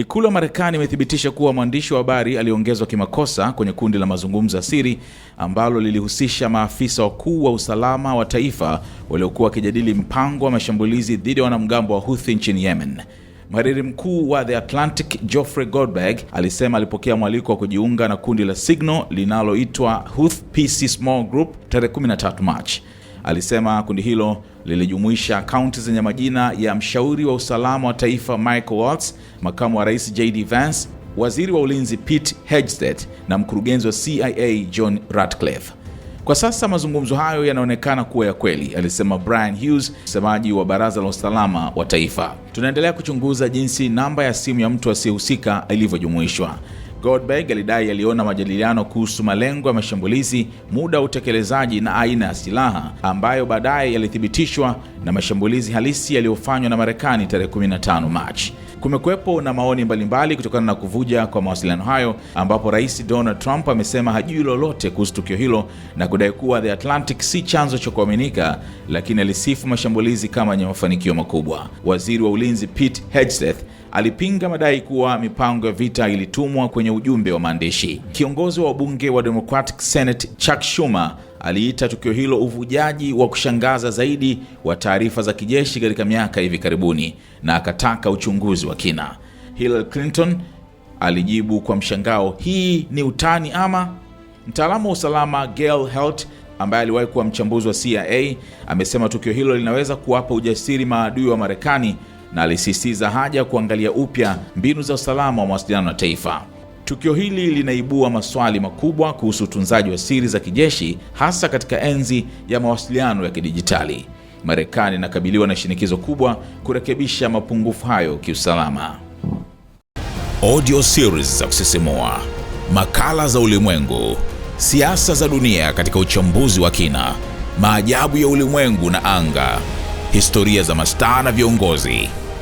Ikulu ya Marekani imethibitisha kuwa mwandishi wa habari aliongezwa kimakosa kwenye kundi la mazungumzo ya siri ambalo lilihusisha maafisa wakuu wa usalama wa taifa waliokuwa wakijadili mpango wa mashambulizi dhidi ya wanamgambo wa Houthi nchini Yemen. Mhariri mkuu wa The Atlantic Geoffrey Goldberg alisema alipokea mwaliko wa kujiunga na kundi la Signal linaloitwa Houthi Peace Small Group tarehe 13 Machi. Alisema kundi hilo lilijumuisha kaunti zenye majina ya mshauri wa usalama wa taifa Michael Waltz, makamu wa rais JD Vance, waziri wa ulinzi Pete Hegseth na mkurugenzi wa CIA John Ratcliffe. Kwa sasa mazungumzo hayo yanaonekana kuwa ya kweli, alisema Brian Hughes, msemaji wa baraza la usalama wa taifa. Tunaendelea kuchunguza jinsi namba ya simu ya mtu asiyehusika ilivyojumuishwa. Goldberg alidai aliona majadiliano kuhusu malengo ya mashambulizi, muda wa utekelezaji na aina ya silaha ambayo baadaye yalithibitishwa na mashambulizi halisi yaliyofanywa na Marekani tarehe 15 Machi. Kumekuwepo na maoni mbalimbali kutokana na kuvuja kwa mawasiliano hayo, ambapo Rais Donald Trump amesema hajui lolote kuhusu tukio hilo na kudai kuwa The Atlantic si chanzo cha kuaminika, lakini alisifu mashambulizi kama yenye mafanikio makubwa. Waziri wa Ulinzi Pete Hegseth alipinga madai kuwa mipango ya vita ilitumwa kwenye ujumbe wa maandishi. Kiongozi wa wabunge wa Democratic Senate Chuck Schumer aliita tukio hilo uvujaji wa kushangaza zaidi wa taarifa za kijeshi katika miaka hivi karibuni na akataka uchunguzi wa kina. Hillary Clinton alijibu kwa mshangao, hii ni utani ama? Mtaalamu wa usalama Gail Helt ambaye aliwahi kuwa mchambuzi wa CIA amesema tukio hilo linaweza kuwapa ujasiri maadui wa Marekani na alisisitiza haja ya kuangalia upya mbinu za usalama wa mawasiliano na taifa. Tukio hili linaibua maswali makubwa kuhusu utunzaji wa siri za kijeshi, hasa katika enzi ya mawasiliano ya kidijitali. Marekani inakabiliwa na shinikizo kubwa kurekebisha mapungufu hayo kiusalama. Audio series za kusisimua, makala za ulimwengu, siasa za dunia katika uchambuzi wa kina, maajabu ya ulimwengu na anga, historia za mastaa na viongozi